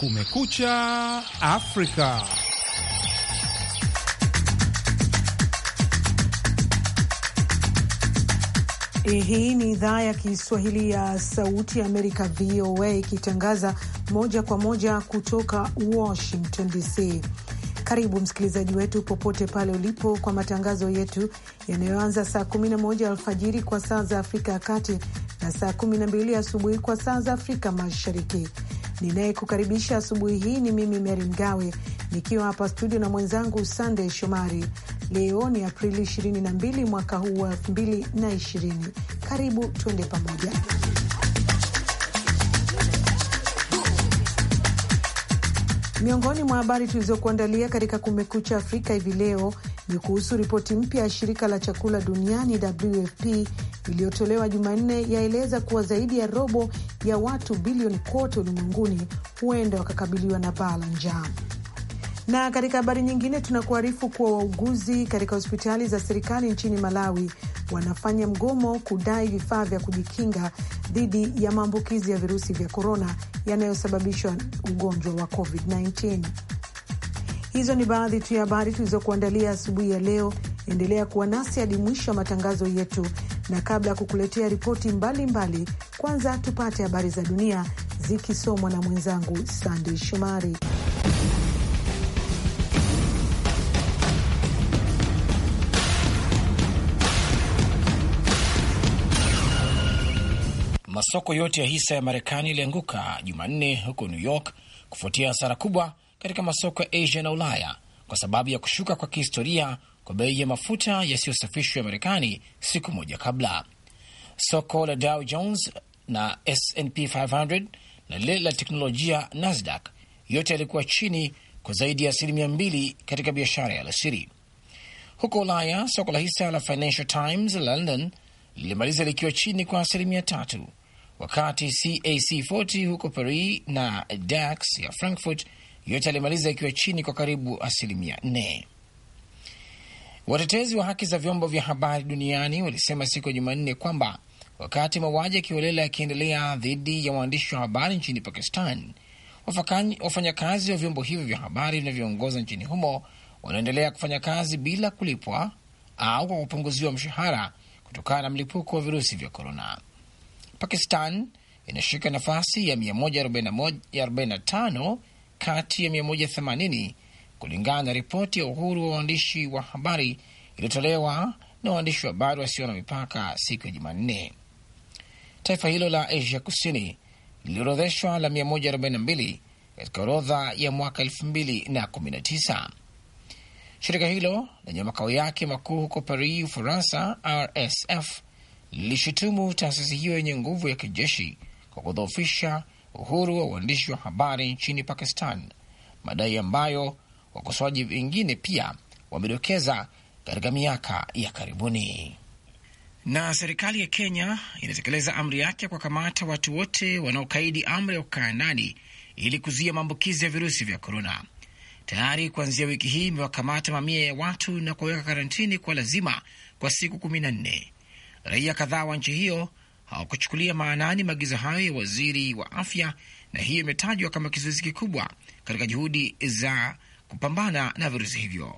Kumekucha Afrika. Eh, hii ni idhaa ya Kiswahili ya Sauti ya Amerika, VOA, ikitangaza moja kwa moja kutoka Washington DC. Karibu msikilizaji wetu popote pale ulipo kwa matangazo yetu yanayoanza saa 11 alfajiri kwa saa za Afrika ya Kati na saa 12 asubuhi kwa saa za Afrika Mashariki. Ninayekukaribisha asubuhi hii ni mimi Meri Mgawe nikiwa hapa studio na mwenzangu Sandey Shomari. Leo ni Aprili 22 mwaka huu wa 2020. Karibu tuende pamoja. Miongoni mwa habari tulizokuandalia katika Kumekucha Afrika hivi leo ni kuhusu ripoti mpya ya shirika la chakula duniani WFP iliyotolewa Jumanne yaeleza kuwa zaidi ya robo ya watu bilioni kote ulimwenguni huenda wakakabiliwa na baa la njaa. Na katika habari nyingine, tunakuarifu kuwa wauguzi katika hospitali za serikali nchini Malawi wanafanya mgomo kudai vifaa vya kujikinga dhidi ya maambukizi ya virusi vya korona yanayosababishwa ugonjwa wa COVID-19. Hizo ni baadhi tu ya habari tulizokuandalia asubuhi ya leo. Endelea kuwa nasi hadi mwisho wa matangazo yetu, na kabla ya kukuletea ripoti mbalimbali, kwanza tupate habari za dunia zikisomwa na mwenzangu Sandey Shomari. Masoko yote ya hisa ya Marekani yalianguka Jumanne huko New York kufuatia hasara kubwa katika masoko ya Asia na Ulaya kwa sababu ya kushuka kwa kihistoria kwa bei ya mafuta yasiyosafishwa ya Marekani siku moja kabla. Soko la Dow Jones na SNP 500 na lile la teknolojia Nasdaq yote yalikuwa chini kwa zaidi ya asilimia mbili katika biashara ya alasiri. Huko Ulaya, soko la hisa la Financial Times la London lilimaliza likiwa chini kwa asilimia tatu, wakati CAC 40 huko Paris na DAX ya Frankfurt yote alimaliza ikiwa chini kwa karibu asilimia nne. Watetezi wa haki za vyombo vya habari duniani walisema siku ya Jumanne kwamba wakati mauaji ya kiholela yakiendelea dhidi ya waandishi wa habari nchini Pakistan, wafanyakazi wa vyombo hivyo vya habari vinavyoongoza nchini humo wanaendelea kufanya kazi bila kulipwa au kwa kupunguziwa mshahara kutokana na mlipuko wa virusi vya korona. Pakistan inashika nafasi ya 145 kati ya 180 kulingana na ripoti ya uhuru wa waandishi wa habari iliyotolewa na waandishi wa habari wasio na mipaka siku ya Jumanne. Taifa hilo la Asia Kusini liliorodheshwa la 142 katika orodha ya mwaka 2019. Shirika hilo lenye makao yake makuu huko Paris, Ufaransa, RSF lilishutumu taasisi hiyo yenye nguvu ya kijeshi kwa kudhoofisha uhuru wa uandishi wa habari nchini Pakistan, madai ambayo wakosoaji wengine pia wamedokeza katika miaka ya karibuni. Na serikali ya Kenya inatekeleza amri yake kwa kamata watu wote wanaokaidi amri ya kukaa ndani ili kuzuia maambukizi ya virusi vya korona. Tayari kuanzia wiki hii imewakamata mamia ya watu na kuwaweka karantini kwa lazima kwa siku kumi na nne. Raia kadhaa wa nchi hiyo hawakuchukulia maanani maagizo hayo ya waziri wa afya, na hiyo imetajwa kama kizuizi kikubwa katika juhudi za kupambana na virusi hivyo.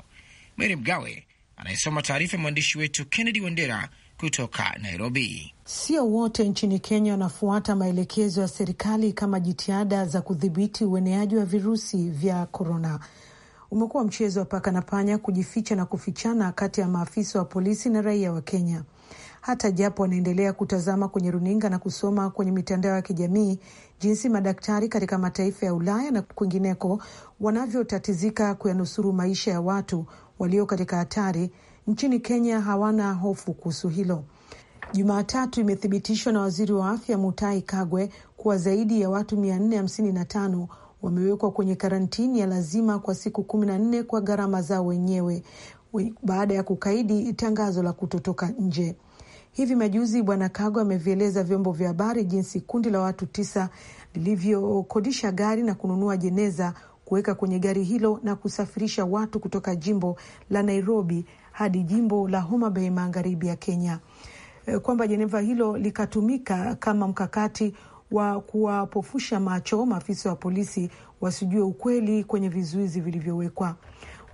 Mary Mgawe anayesoma taarifa ya mwandishi wetu Kennedy Wandera kutoka Nairobi. Sio wote nchini Kenya wanafuata maelekezo ya serikali kama jitihada za kudhibiti ueneaji wa virusi vya korona. Umekuwa mchezo wa paka na panya, kujificha na kufichana kati ya maafisa wa polisi na raia wa Kenya hata japo wanaendelea kutazama kwenye runinga na kusoma kwenye mitandao ya kijamii jinsi madaktari katika mataifa ya Ulaya na kwingineko wanavyotatizika kuyanusuru maisha ya watu walio katika hatari. Nchini Kenya hawana hofu kuhusu hilo. Jumatatu imethibitishwa na waziri wa afya mutai Kagwe kuwa zaidi ya watu 455 wamewekwa kwenye karantini ya lazima kwa siku 14 kwa gharama zao wenyewe baada ya kukaidi tangazo la kutotoka nje. Hivi majuzi Bwana Kagwe amevieleza vyombo vya habari jinsi kundi la watu tisa lilivyokodisha gari na kununua jeneza kuweka kwenye gari hilo na kusafirisha watu kutoka jimbo la Nairobi hadi jimbo la Homa Bay magharibi ya Kenya, e, kwamba jeneza hilo likatumika kama mkakati wa kuwapofusha macho maafisa wa polisi wasijue ukweli kwenye vizuizi vilivyowekwa.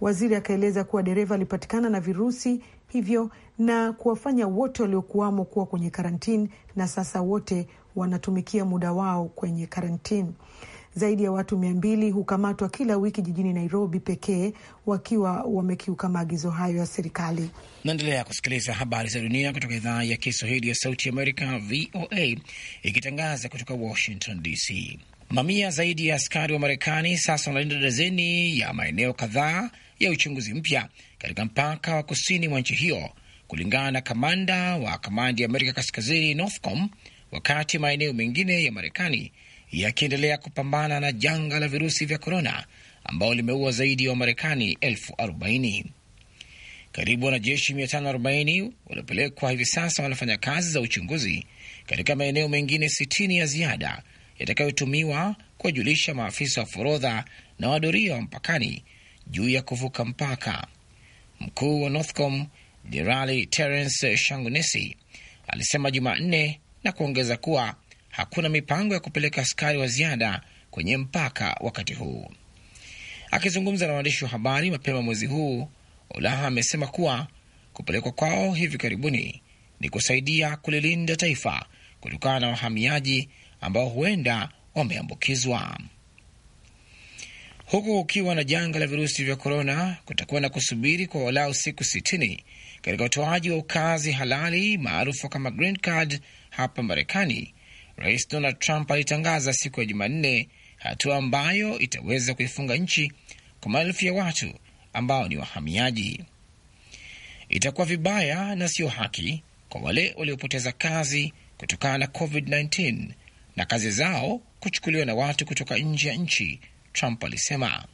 Waziri akaeleza kuwa dereva alipatikana na virusi hivyo na kuwafanya wote waliokuwamo kuwa kwenye karantini, na sasa wote wanatumikia muda wao kwenye karantini. Zaidi ya watu mia mbili hukamatwa kila wiki jijini Nairobi pekee wakiwa wamekiuka maagizo hayo ya serikali. Naendelea kusikiliza habari za dunia kutoka idhaa ya Kiswahili ya Sauti Amerika, VOA, ikitangaza kutoka Washington DC. Mamia zaidi ya askari wa Marekani sasa wanalinda dazeni ya maeneo kadhaa ya uchunguzi mpya katika mpaka wa kusini mwa nchi hiyo, kulingana na kamanda wa kamandi ya Amerika Kaskazini, NORTHCOM, wakati maeneo mengine ya Marekani yakiendelea kupambana na janga la virusi vya korona ambao limeua zaidi ya wa Wamarekani elfu arobaini. Karibu wanajeshi 540 waliopelekwa hivi sasa wanafanya kazi za uchunguzi katika maeneo mengine 60 ya ziada yatakayotumiwa kuwajulisha maafisa wa forodha na wadoria wa mpakani juu ya kuvuka mpaka. Mkuu wa Northcom Jenerali Terence Shangunesi alisema Jumanne na kuongeza kuwa hakuna mipango ya kupeleka askari wa ziada kwenye mpaka wakati huu. Akizungumza na waandishi wa habari mapema mwezi huu, Olaha amesema kuwa kupelekwa kwao hivi karibuni ni kusaidia kulilinda taifa kutokana na wahamiaji ambao huenda wameambukizwa. Huku kukiwa na janga la virusi vya korona, kutakuwa na kusubiri kwa walau siku sitini katika utoaji wa ukazi halali maarufu kama green card hapa Marekani. Rais Donald Trump alitangaza siku ya Jumanne hatua ambayo itaweza kuifunga nchi kwa maelfu ya watu ambao ni wahamiaji. Itakuwa vibaya na sio haki kwa wale waliopoteza kazi kutokana na COVID-19 na kazi zao kuchukuliwa na watu kutoka nje ya nchi Trump alisema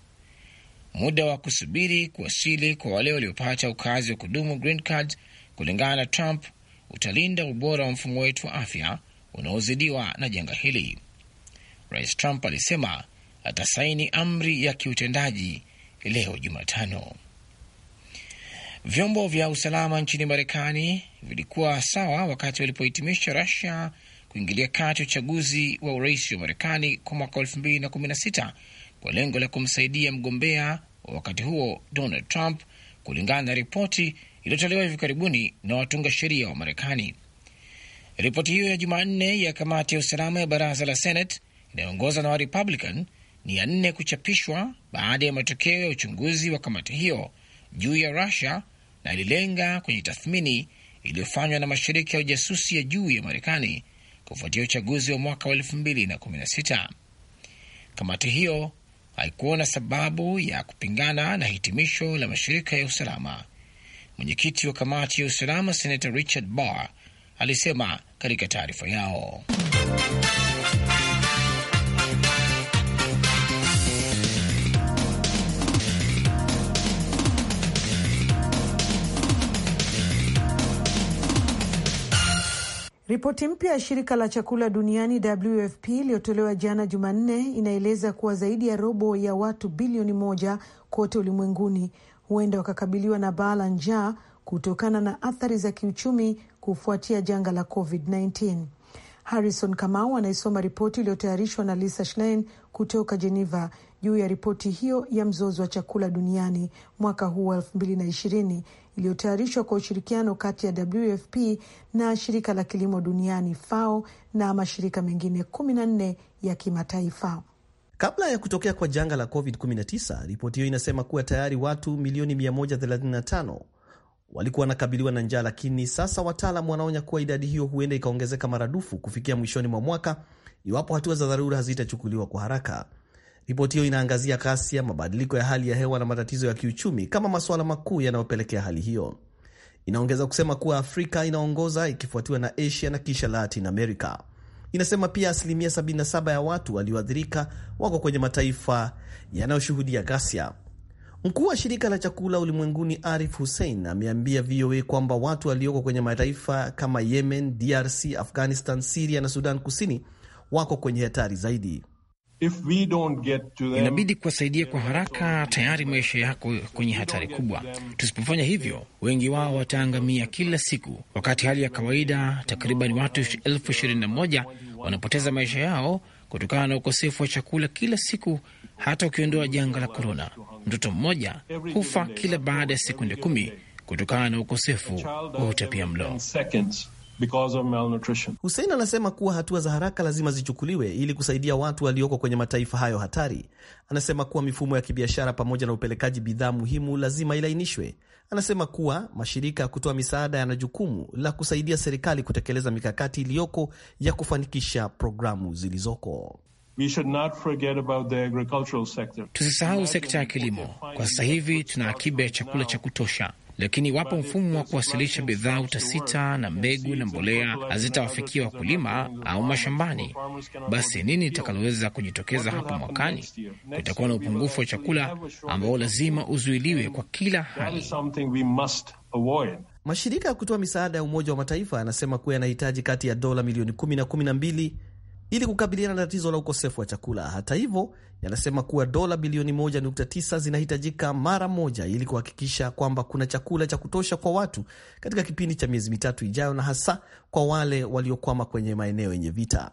muda wa kusubiri kuwasili kwa wale waliopata ukazi wa kudumu green card, kulingana na Trump, utalinda ubora wa mfumo wetu wa afya unaozidiwa na janga hili. Rais Trump alisema atasaini amri ya kiutendaji leo Jumatano. Vyombo vya usalama nchini Marekani vilikuwa sawa wakati walipohitimisha Rusia kuingilia kati uchaguzi wa urais wa Marekani kwa mwaka elfu mbili na kumi na sita kwa lengo la kumsaidia mgombea wa wakati huo Donald Trump, kulingana na ripoti iliyotolewa hivi karibuni na watunga sheria wa Marekani. Ripoti hiyo ya Jumanne ya kamati ya usalama ya baraza la Senate inayoongozwa na Warepublican ni ya nne kuchapishwa baada ya matokeo ya uchunguzi wa kamati hiyo juu ya Rusia na ililenga kwenye tathmini iliyofanywa na mashirika ya ujasusi ya juu ya Marekani kufuatia uchaguzi wa mwaka wa 2016. Kamati hiyo haikuwa na sababu ya kupingana na hitimisho la mashirika ya usalama. Mwenyekiti wa kamati ya usalama Senata Richard Barr alisema katika taarifa yao. Ripoti mpya ya shirika la chakula duniani WFP iliyotolewa jana Jumanne inaeleza kuwa zaidi ya robo ya watu bilioni moja kote ulimwenguni huenda wakakabiliwa na baa la njaa kutokana na athari za kiuchumi kufuatia janga la COVID-19. Harrison Kamau anaisoma ripoti iliyotayarishwa na Lisa Schlein kutoka Geneva juu ya ripoti hiyo ya mzozo wa chakula duniani mwaka huu wa elfu mbili na ishirini iliyotayarishwa kwa ushirikiano kati ya WFP na shirika la kilimo duniani FAO na mashirika mengine 14 ya kimataifa. Kabla ya kutokea kwa janga la COVID-19, ripoti hiyo inasema kuwa tayari watu milioni 135 walikuwa wanakabiliwa na njaa, lakini sasa wataalam wanaonya kuwa idadi hiyo huenda ikaongezeka maradufu kufikia mwishoni mwa mwaka iwapo hatua za dharura hazitachukuliwa kwa haraka. Ripoti hiyo inaangazia ya mabadiliko ya hali ya hewa na matatizo ya kiuchumi kama masuala makuu yanayopelekea hali hiyo. Inaongeza kusema kuwa Afrika inaongoza ikifuatiwa na Asia na kisha Latin America. Inasema pia asilimia 77 ya watu walioathirika wako kwenye mataifa yanayoshuhudia ghasia. Mkuu wa shirika la chakula ulimwenguni Arif Hussein ameambia VOA kwamba watu walioko kwenye mataifa kama Yemen, DRC, Afghanistan, Siria na Sudan Kusini wako kwenye hatari zaidi. Inabidi kuwasaidia kwa haraka, tayari maisha yako kwenye hatari kubwa. Tusipofanya hivyo, wengi wao wataangamia kila siku, wakati hali ya kawaida takriban watu elfu ishirini na moja wanapoteza maisha yao kutokana na ukosefu wa chakula kila siku. Hata ukiondoa janga la korona, mtoto mmoja hufa kila baada ya sekunde kumi kutokana na ukosefu wa utapia mlo because of malnutrition. Hussein anasema kuwa hatua za haraka lazima zichukuliwe ili kusaidia watu walioko kwenye mataifa hayo hatari. Anasema kuwa mifumo ya kibiashara pamoja na upelekaji bidhaa muhimu lazima ilainishwe. Anasema kuwa mashirika ya kutoa misaada yana jukumu la kusaidia serikali kutekeleza mikakati iliyoko ya kufanikisha programu zilizoko. Tusisahau sekta ya kilimo. Kwa sasa hivi tuna akiba ya chakula cha kutosha lakini iwapo mfumo wa kuwasilisha bidhaa utasita na mbegu na mbolea hazitawafikia wakulima au mashambani, basi nini itakaloweza kujitokeza hapo mwakani? Kutakuwa na upungufu wa chakula ambao lazima uzuiliwe kwa kila hali. Mashirika ya kutoa misaada ya Umoja wa Mataifa yanasema kuwa yanahitaji kati ya dola milioni kumi na 12 ili kukabiliana na tatizo la ukosefu wa chakula. Hata hivyo, yanasema kuwa dola bilioni 1.9 zinahitajika mara moja ili kuhakikisha kwamba kuna chakula cha kutosha kwa watu katika kipindi cha miezi mitatu ijayo, na hasa kwa wale waliokwama kwenye maeneo yenye vita.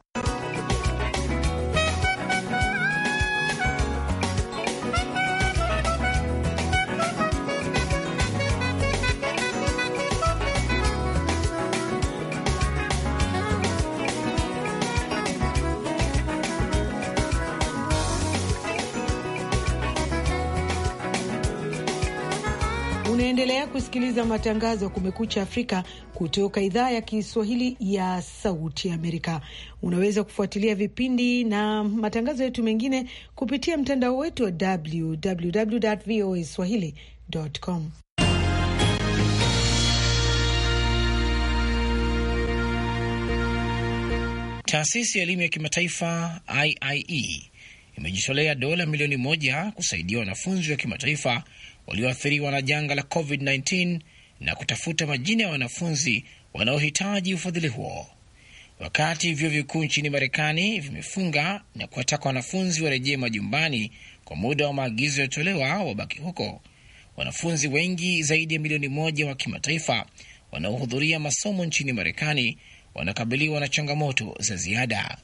Unaendelea kusikiliza matangazo ya Kumekucha Afrika kutoka idhaa ya Kiswahili ya Sauti Amerika. Unaweza kufuatilia vipindi na matangazo yetu mengine kupitia mtandao wetu wa www voa swahili.com. Taasisi ya elimu ya kimataifa IIE imejitolea dola milioni moja kusaidia wanafunzi wa kimataifa walioathiriwa na janga la COVID-19 na kutafuta majina ya wanafunzi wanaohitaji ufadhili huo. Wakati vyuo vikuu nchini Marekani vimefunga na kuwataka wanafunzi warejee majumbani kwa muda wa maagizo yaliyotolewa wabaki huko, wanafunzi wengi zaidi ya milioni moja wa kimataifa wanaohudhuria masomo nchini Marekani wanakabiliwa na changamoto za ziada.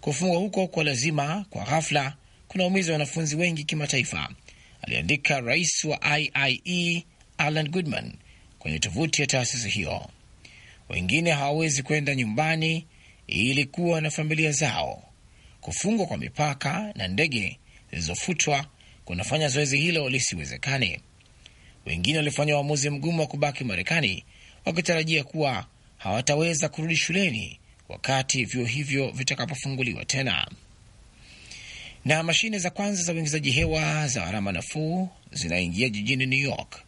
Kufungwa huko kwa lazima kwa ghafla kunaumiza wanafunzi wengi kimataifa aliandika rais wa IIE Alan Goodman kwenye tovuti ya taasisi hiyo. Wengine hawawezi kwenda nyumbani ili kuwa na familia zao. Kufungwa kwa mipaka na ndege zilizofutwa kunafanya zoezi hilo lisiwezekane. Wengine walifanya uamuzi mgumu wa kubaki Marekani wakitarajia kuwa hawataweza kurudi shuleni wakati vyuo hivyo vitakapofunguliwa tena. Na mashine za kwanza za uingizaji hewa za gharama nafuu zinaingia jijini New York.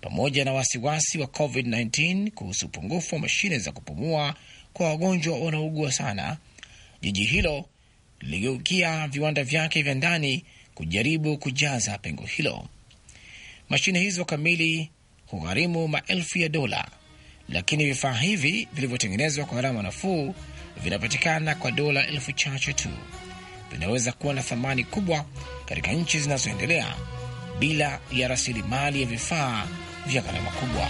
Pamoja na wasiwasi wa COVID-19 kuhusu upungufu wa mashine za kupumua kwa wagonjwa wanaougua sana, jiji hilo liligeukia viwanda vyake vya ndani kujaribu kujaza pengo hilo. Mashine hizo kamili hugharimu maelfu ya dola, lakini vifaa hivi vilivyotengenezwa kwa gharama nafuu vinapatikana kwa dola elfu chache tu vinaweza kuwa na thamani kubwa katika nchi zinazoendelea bila ya rasilimali ya vifaa vya gharama kubwa.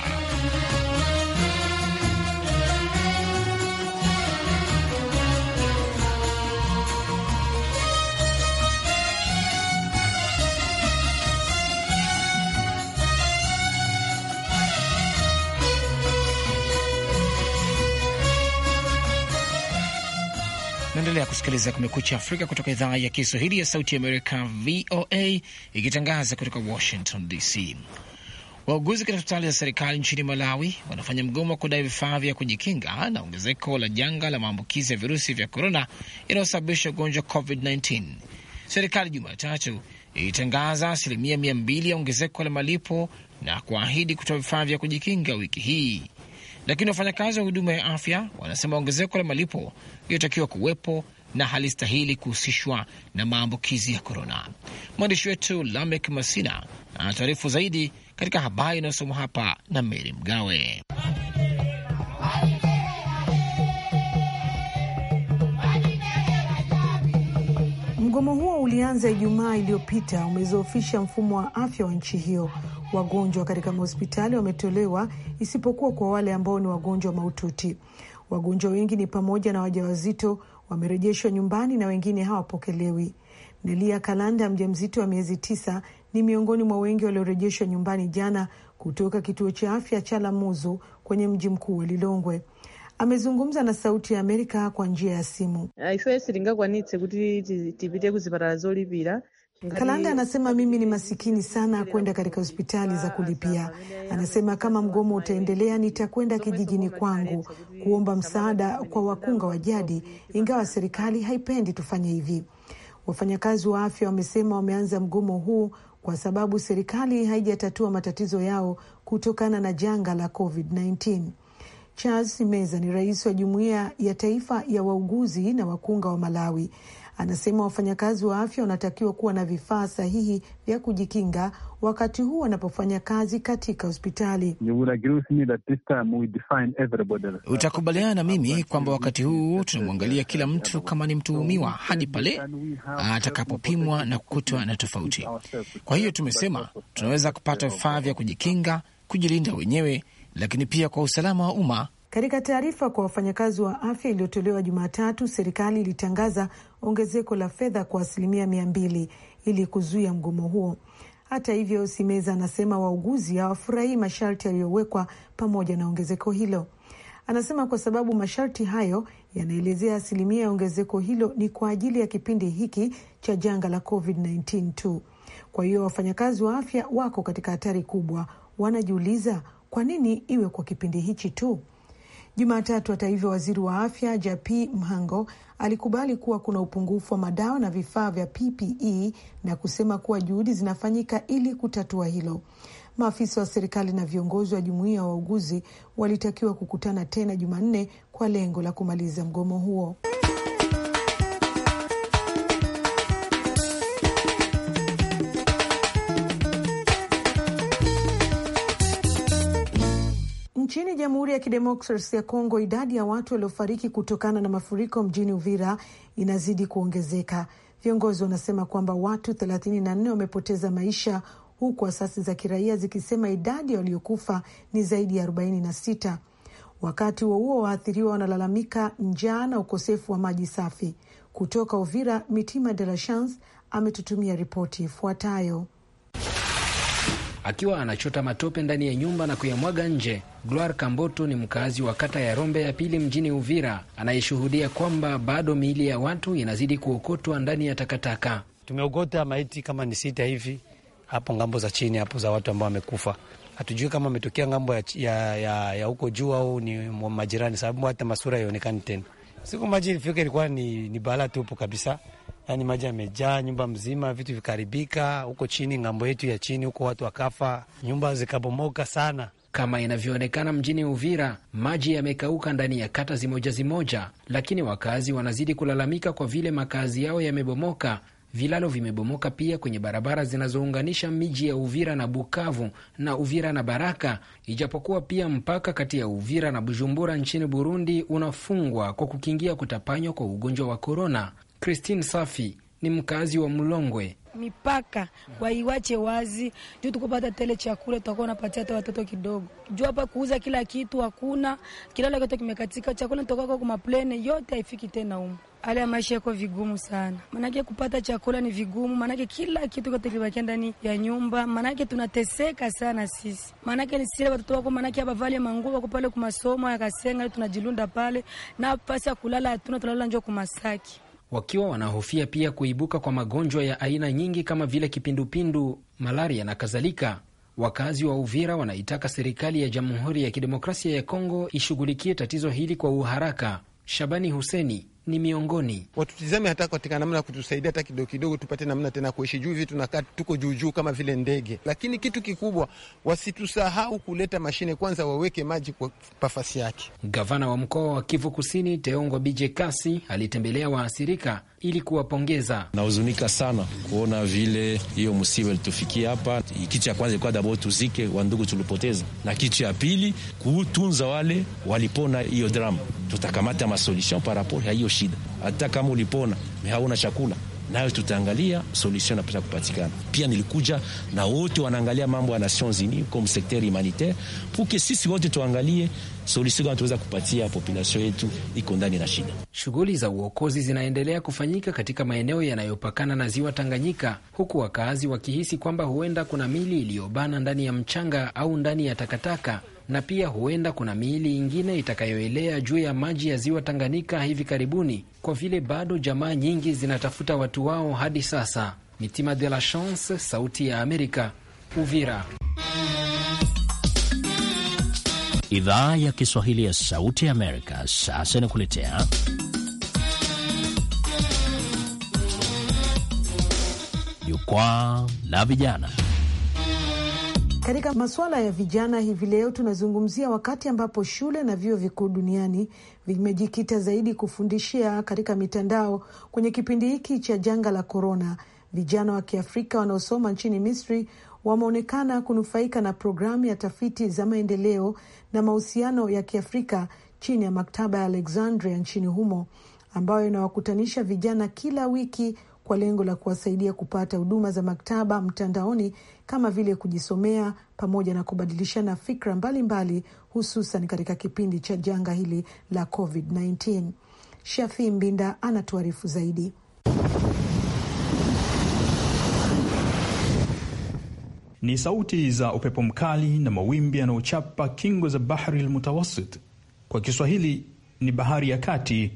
Naendelea kusikiliza Kumekucha Afrika kutoka idhaa ya Kiswahili ya Sauti ya Amerika, VOA, ikitangaza kutoka Washington DC. Wauguzi katika hospitali za serikali nchini Malawi wanafanya mgomo wa kudai vifaa vya kujikinga na ongezeko la janga la maambukizi ya virusi vya korona inayosababisha ugonjwa COVID-19. Serikali Jumatatu ilitangaza asilimia mia mbili ya ongezeko la malipo na kuahidi kutoa vifaa vya kujikinga wiki hii lakini wafanyakazi wa huduma ya afya wanasema ongezeko la malipo iliyotakiwa kuwepo na halistahili kuhusishwa na maambukizi ya korona. Mwandishi wetu Lamek Masina anataarifu zaidi katika habari inayosoma hapa na Meri Mgawe. Mgomo huo ulianza Ijumaa iliyopita umezoofisha mfumo wa afya wa nchi hiyo. Wagonjwa katika mahospitali wametolewa isipokuwa kwa wale ambao ni wagonjwa mahututi. Wagonjwa wengi ni pamoja na wajawazito, wamerejeshwa nyumbani na wengine hawapokelewi. Nelia Kalanda, mjamzito wa miezi tisa, ni miongoni mwa wengi waliorejeshwa nyumbani jana kutoka kituo cha afya cha Lamuzu kwenye mji mkuu wa Lilongwe amezungumza na Sauti ya Amerika kwa njia ya simu. Ah, Kalanda anasema mimi ni masikini sana kwenda katika hospitali za kulipia. Anasema kama mgomo utaendelea, nitakwenda kijijini kwangu kuomba msaada kwa wakunga wa jadi, ingawa serikali haipendi tufanye hivi. Wafanyakazi wa afya wamesema wameanza mgomo huu kwa sababu serikali haijatatua matatizo yao kutokana na janga la COVID-19. Charles Simeza ni rais wa jumuiya ya taifa ya wauguzi na wakunga wa Malawi. Anasema wafanyakazi wa afya wanatakiwa kuwa na vifaa sahihi vya kujikinga wakati huu wanapofanya kazi katika hospitali. Utakubaliana na mimi kwamba wakati huu tunamwangalia kila mtu kama ni mtuhumiwa hadi pale atakapopimwa na kukutwa na tofauti. Kwa hiyo tumesema tunaweza kupata vifaa vya kujikinga, kujilinda wenyewe lakini pia kwa usalama wa umma. Katika taarifa kwa wafanyakazi wa afya iliyotolewa Jumatatu, serikali ilitangaza ongezeko la fedha kwa asilimia mia mbili ili kuzuia mgomo huo. Hata hivyo, Simeza anasema wauguzi hawafurahii masharti yaliyowekwa pamoja na ongezeko hilo. Anasema kwa sababu masharti hayo yanaelezea asilimia ya ongezeko hilo ni kwa ajili ya kipindi hiki cha janga la COVID-19 tu. Kwa hiyo wafanyakazi wa afya wako katika hatari kubwa, wanajiuliza kwa nini iwe kwa kipindi hichi tu? Jumatatu, hata hivyo, waziri wa afya Japi Mhango alikubali kuwa kuna upungufu wa madawa na vifaa vya PPE na kusema kuwa juhudi zinafanyika ili kutatua hilo. Maafisa wa serikali na viongozi wa jumuiya wa wauguzi walitakiwa kukutana tena Jumanne kwa lengo la kumaliza mgomo huo. Jamhuri ya Kidemokrasi ya Kongo, idadi ya watu waliofariki kutokana na mafuriko mjini Uvira inazidi kuongezeka. Viongozi wanasema kwamba watu 34 wamepoteza maisha, huku asasi za kiraia zikisema idadi waliokufa ni zaidi ya 46. Wakati huo huo, waathiriwa wanalalamika njaa na ukosefu wa maji safi. Kutoka Uvira, Mitima De La Chance ametutumia ripoti ifuatayo akiwa anachota matope ndani ya nyumba na kuyamwaga nje. gloar Kamboto ni mkaazi wa kata ya Rombe ya pili mjini Uvira, anayeshuhudia kwamba bado miili ya watu inazidi kuokotwa ndani ya takataka. Tumeogota maiti kama ni sita hivi hapo ngambo za chini hapo za watu ambao wamekufa. Hatujui kama ametokea ngambo ya, ya, ya, ya huko juu au ni majirani, sababu hata masura haionekani tena. Siku maji ilifika ilikuwa ni, ni bala tupu kabisa yani maji yamejaa nyumba mzima, vitu vikaribika. Huko chini ng'ambo yetu ya chini huko watu wakafa, nyumba zikabomoka sana. Kama inavyoonekana mjini Uvira, maji yamekauka ndani ya kata zimoja zimoja, lakini wakazi wanazidi kulalamika kwa vile makazi yao yamebomoka. Vilalo vimebomoka pia kwenye barabara zinazounganisha miji ya Uvira na Bukavu na Uvira na Baraka, ijapokuwa pia mpaka kati ya Uvira na Bujumbura nchini Burundi unafungwa kwa kukingia kutapanywa kwa ugonjwa wa korona. Christine Safi ni mkazi wa Mlongwe. Mipaka waiwache wazi, juu tukupata tele chakula tutakuwa napatia hata watoto kidogo, juu hapa kuuza kila kitu hakuna, kila kitu kimekatika, chakula nitoka kwa maplene yote haifiki tena huko. Hali ya maisha yako vigumu sana, maanake kupata chakula ni vigumu, maanake kila kitu kote kibakia ndani ya nyumba, maanake tunateseka sana sisi, maanake ni sile watoto wako, maanake abavali manguo wako pale kumasomo yakasenga, tunajilunda pale na fasi ya kulala hatuna, tunalala njo kumasaki wakiwa wanahofia pia kuibuka kwa magonjwa ya aina nyingi kama vile kipindupindu, malaria na kadhalika. Wakazi wa Uvira wanaitaka serikali ya Jamhuri ya Kidemokrasia ya Kongo ishughulikie tatizo hili kwa uharaka. Shabani Huseni, ni miongoni watutizame hata katika namna ya kutusaidia hata kidogo kidogo, tupate namna tena kuishi juu hivi tunakaa tuko juu juu kama vile ndege. Lakini kitu kikubwa wasitusahau kuleta mashine kwanza, waweke maji kwa pafasi yake. Gavana wa mkoa wa Kivu Kusini Teongwa Bije Kasi alitembelea waathirika ili kuwapongeza. Nahuzunika sana kuona vile hiyo msiba ilitufikia hapa. Kitu ya kwanza ilikuwa dabo tuzike wandugu tulipoteza, na kitu ya pili kutunza wale walipona hiyo drama. Tutakamata masolution parapor ya hiyo shida. Hata kama ulipona hauna chakula, nayo tutaangalia solution napata kupatikana. Pia nilikuja na wote wanaangalia mambo ya Nations Unies comme secteur humanitaire pour que sisi wote tuangalie solution gani tunaweza kupatia population yetu iko ndani na shida. Shughuli za uokozi zinaendelea kufanyika katika maeneo yanayopakana na ziwa Tanganyika, huku wakaazi wakihisi kwamba huenda kuna mili iliyobana ndani ya mchanga au ndani ya takataka na pia huenda kuna miili ingine itakayoelea juu ya maji ya ziwa Tanganyika hivi karibuni, kwa vile bado jamaa nyingi zinatafuta watu wao hadi sasa. Mitima de la Chance, Sauti ya Amerika, Uvira. Idhaa ya Kiswahili ya Sauti ya Amerika sasa inakuletea Jukwaa la Vijana. Katika masuala ya vijana hivi leo tunazungumzia wakati ambapo shule na vyuo vikuu duniani vimejikita zaidi kufundishia katika mitandao. Kwenye kipindi hiki cha janga la korona, vijana wa Kiafrika wanaosoma nchini Misri wameonekana kunufaika na programu ya tafiti za maendeleo na mahusiano ya Kiafrika chini ya maktaba ya Alexandria nchini humo ambayo inawakutanisha vijana kila wiki kwa lengo la kuwasaidia kupata huduma za maktaba mtandaoni kama vile kujisomea pamoja na kubadilishana fikra mbalimbali, hususan katika kipindi cha janga hili la COVID-19. Shafi Mbinda anatuarifu zaidi. Ni sauti za upepo mkali na mawimbi yanayochapa kingo za bahari al kwa Kiswahili ni bahari ya kati,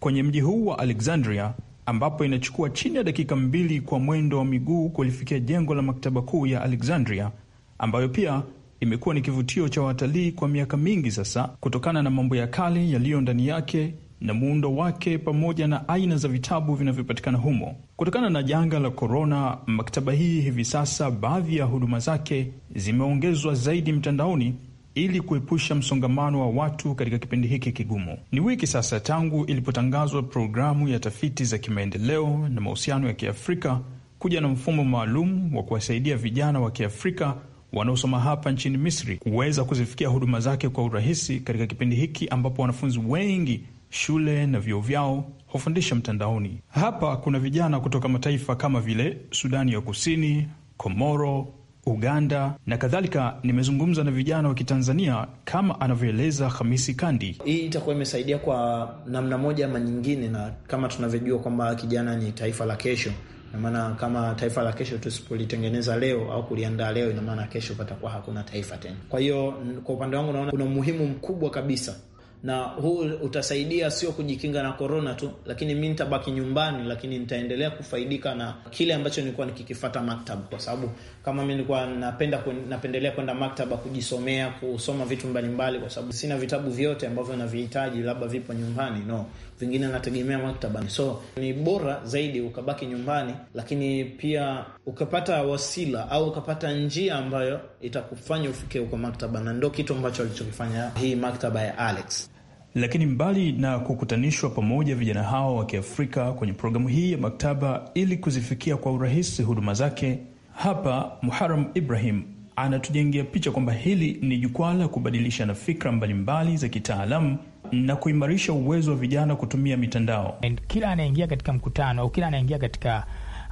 kwenye mji huu wa Alexandria ambapo inachukua chini ya dakika mbili kwa mwendo wa miguu kulifikia jengo la maktaba kuu ya Alexandria ambayo pia imekuwa ni kivutio cha watalii kwa miaka mingi sasa kutokana na mambo ya kale yaliyo ndani yake na muundo wake pamoja na aina za vitabu vinavyopatikana humo. Kutokana na janga la korona, maktaba hii hivi sasa baadhi ya huduma zake zimeongezwa zaidi mtandaoni ili kuepusha msongamano wa watu katika kipindi hiki kigumu. Ni wiki sasa tangu ilipotangazwa programu ya tafiti za kimaendeleo na mahusiano ya Kiafrika kuja na mfumo maalum wa kuwasaidia vijana wa Kiafrika wanaosoma hapa nchini Misri kuweza kuzifikia huduma zake kwa urahisi katika kipindi hiki ambapo wanafunzi wengi shule na vyuo vyao hufundisha mtandaoni. Hapa kuna vijana kutoka mataifa kama vile Sudani ya Kusini, Komoro, Uganda na kadhalika. Nimezungumza na vijana wa Kitanzania kama anavyoeleza Hamisi Kandi. Hii itakuwa imesaidia kwa namna moja ama nyingine, na kama tunavyojua kwamba kijana ni taifa la kesho, namaana kama taifa la kesho tusipolitengeneza leo au kuliandaa leo, inamaana kesho patakuwa hakuna taifa tena. Kwa hiyo, kwa upande wangu naona kuna umuhimu mkubwa kabisa na huu utasaidia sio kujikinga na korona tu, lakini mi nitabaki nyumbani, lakini nitaendelea kufaidika na kile ambacho nilikuwa nikikifata maktaba, kwa sababu kama mi nilikuwa napenda ku, napendelea kwenda maktaba kujisomea, kusoma vitu mbalimbali, kwa sababu sina vitabu vyote ambavyo navihitaji, labda vipo nyumbani, no vingine nategemea maktaba. So ni bora zaidi ukabaki nyumbani, lakini pia ukapata wasila au ukapata njia ambayo itakufanya ufike huko maktaba, na ndo kitu ambacho alichokifanya hii maktaba ya Alex. Lakini mbali na kukutanishwa pamoja vijana hao wa Kiafrika kwenye programu hii ya maktaba ili kuzifikia kwa urahisi huduma zake, hapa Muharam Ibrahim anatujengea picha kwamba hili ni jukwaa la kubadilishana fikra mbalimbali za kitaalamu na kuimarisha uwezo wa vijana kutumia mitandao. Kila anaingia katika mkutano au kila anaingia katika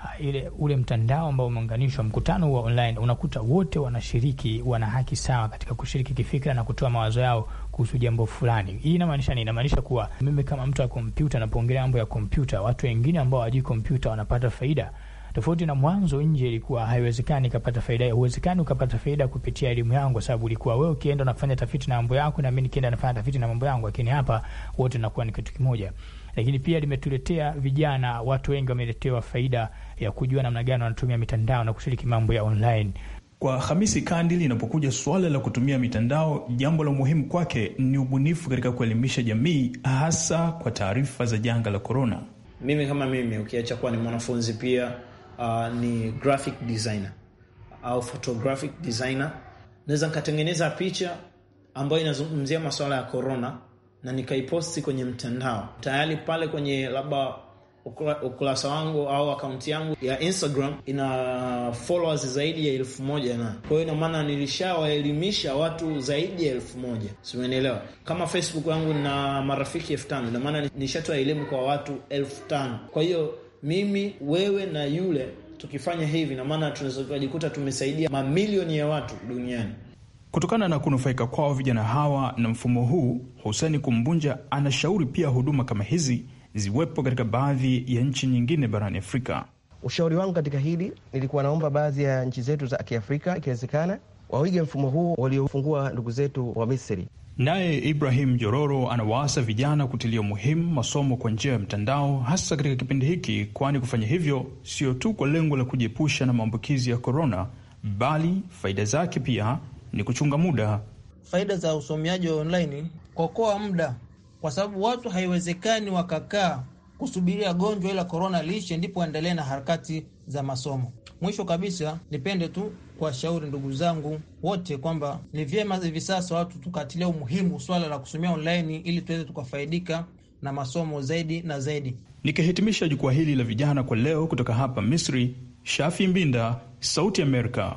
uh, ile ule mtandao ambao umeunganishwa, mkutano wa online, unakuta wote wanashiriki, wana haki sawa katika kushiriki kifikra na kutoa mawazo yao kuhusu jambo fulani. Hii inamaanisha nini? Inamaanisha kuwa mimi kama mtu wa kompyuta, napoongelea mambo ya kompyuta, watu wengine ambao hawajui kompyuta wanapata faida tofauti na mwanzo. Nje ilikuwa haiwezekani kapata faida, uwezekani ukapata faida kupitia elimu yangu, kwa sababu ilikuwa wewe ukienda unafanya tafiti na mambo yako na mimi nikienda nafanya tafiti na mambo yangu, lakini hapa wote nakuwa ni kitu kimoja. Lakini pia limetuletea vijana, watu wengi wameletewa faida ya kujua namna gani wanatumia mitandao na kushiriki mambo ya online kwa Hamisi Kandi, linapokuja suala la kutumia mitandao, jambo la muhimu kwake ni ubunifu katika kuelimisha jamii, hasa kwa taarifa za janga la korona. Mimi kama mimi, ukiacha kuwa ni mwanafunzi pia, uh, ni graphic designer au photographic designer, naweza nikatengeneza picha ambayo inazungumzia masuala ya korona na nikaiposti kwenye mtandao tayari pale kwenye labda ukurasa wangu au akaunti yangu ya Instagram ina followers zaidi ya elfu moja na kwa hiyo ina maana nilishawaelimisha watu zaidi ya elfu moja simenielewa. Kama Facebook yangu na marafiki elfu tano ina maana nishatoa elimu kwa watu elfu tano Kwa hiyo mimi, wewe na yule tukifanya hivi, na maana tunaweza tukajikuta tumesaidia mamilioni ya watu duniani. Kutokana na kunufaika kwao vijana hawa na mfumo huu, Huseni Kumbunja anashauri pia huduma kama hizi ziwepo katika baadhi ya nchi nyingine barani Afrika. Ushauri wangu katika hili, nilikuwa naomba baadhi ya nchi zetu za Kiafrika ikiwezekana wawige mfumo huo waliofungua ndugu zetu wa Misri. Naye Ibrahim Jororo anawaasa vijana kutilia umuhimu masomo kwa njia ya mtandao, hasa katika kipindi hiki, kwani kufanya hivyo sio tu kwa lengo la kujiepusha na maambukizi ya korona, bali faida zake pia ni kuchunga muda. Faida za usomiaji wa online, kuokoa muda kwa sababu watu haiwezekani wakakaa kusubiria gonjwa ila korona liishe ndipo waendelee na harakati za masomo. Mwisho kabisa, nipende tu kuwashauri ndugu zangu wote kwamba ni vyema hivi sasa watu tukatilia umuhimu swala la kusomea online ili tuweze tukafaidika na masomo zaidi na zaidi. Nikihitimisha jukwaa hili la vijana kwa leo, kutoka hapa Misri, Shafi Mbinda, Sauti Amerika.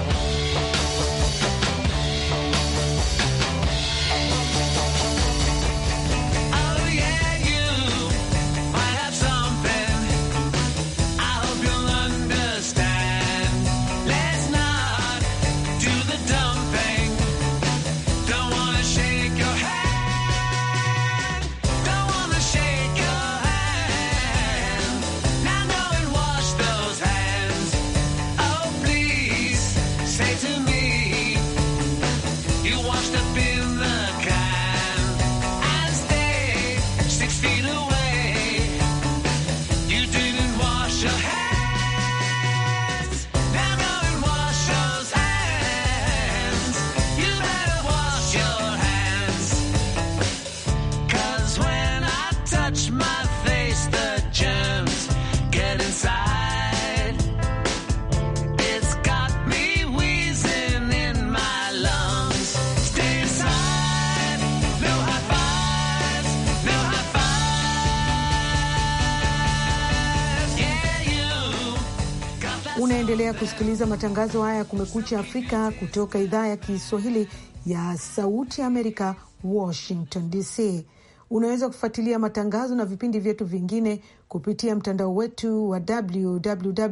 Unaendelea kusikiliza matangazo haya ya Kumekucha Afrika kutoka idhaa ya Kiswahili ya Sauti ya Amerika, Washington DC. Unaweza kufuatilia matangazo na vipindi vyetu vingine kupitia mtandao wetu wa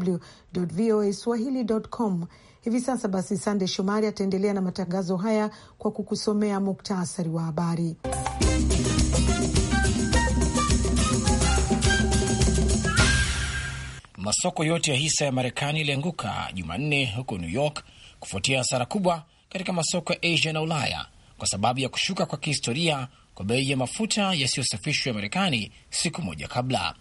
www voa swahili.com. Hivi sasa basi, Sande Shomari ataendelea na matangazo haya kwa kukusomea muktasari wa habari. Masoko yote ya hisa ya Marekani yalianguka Jumanne huko New York kufuatia hasara kubwa katika masoko ya Asia na Ulaya kwa sababu ya kushuka kwa kihistoria kwa bei ya mafuta yasiyosafishwa ya Marekani siku moja kabla.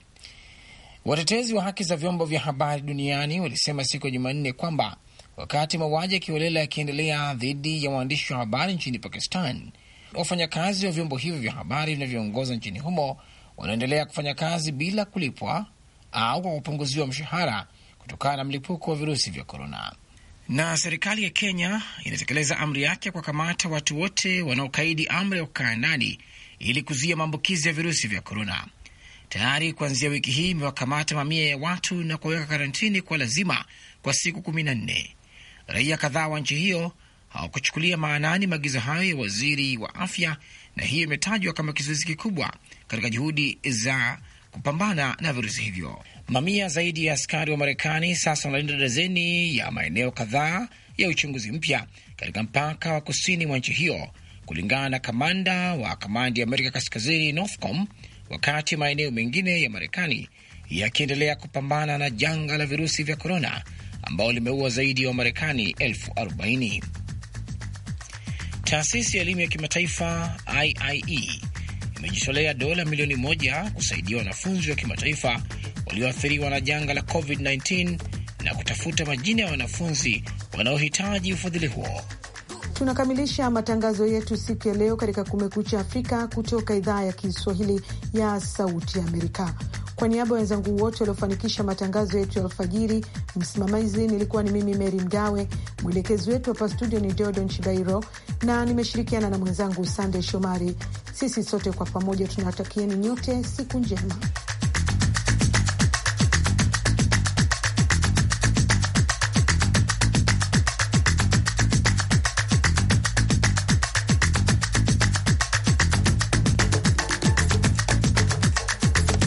Watetezi wa haki za vyombo vya habari duniani walisema siku ya Jumanne kwamba wakati mauaji ya kiholela yakiendelea dhidi ya waandishi wa habari nchini Pakistan, wafanyakazi wa vyombo hivyo vya habari vinavyoongoza nchini humo wanaendelea kufanya kazi bila kulipwa au kwa kupunguziwa mshahara kutokana na mlipuko wa virusi vya korona. Na serikali ya Kenya inatekeleza amri yake kwa kamata watu wote wanaokaidi amri ya kukaa ndani ili kuzuia maambukizi ya virusi vya korona. Tayari kuanzia wiki hii imewakamata mamia ya watu na kuwaweka karantini kwa lazima kwa siku kumi na nne. Raia kadhaa wa nchi hiyo hawakuchukulia maanani maagizo hayo ya waziri wa afya, na hiyo imetajwa kama kizuizi kikubwa katika juhudi za kupambana na virusi hivyo. Mamia zaidi ya askari wa Marekani sasa wanalinda dazeni ya maeneo kadhaa ya uchunguzi mpya katika mpaka wa kusini mwa nchi hiyo, kulingana na kamanda wa kamandi ya Amerika Kaskazini, NORTHCOM, wakati maeneo mengine ya Marekani yakiendelea kupambana na janga la virusi vya korona ambao limeua zaidi ya wa Wamarekani elfu arobaini. Taasisi ya elimu ya kimataifa IIE imejitolea dola milioni moja kusaidia wanafunzi wa kimataifa walioathiriwa na janga la COVID-19 na kutafuta majina ya wanafunzi wanaohitaji ufadhili huo. Tunakamilisha matangazo yetu siku ya leo katika Kumekucha Afrika kutoka idhaa ya Kiswahili ya Sauti ya Amerika. Kwa niaba ya wenzangu wote waliofanikisha matangazo yetu ya alfajiri, msimamizi nilikuwa ni mimi Meri Mgawe, mwelekezi wetu hapa studio ni Deodo Nchibairo na nimeshirikiana na mwenzangu Sandey Shomari. Sisi sote kwa pamoja tunawatakieni nyote siku njema.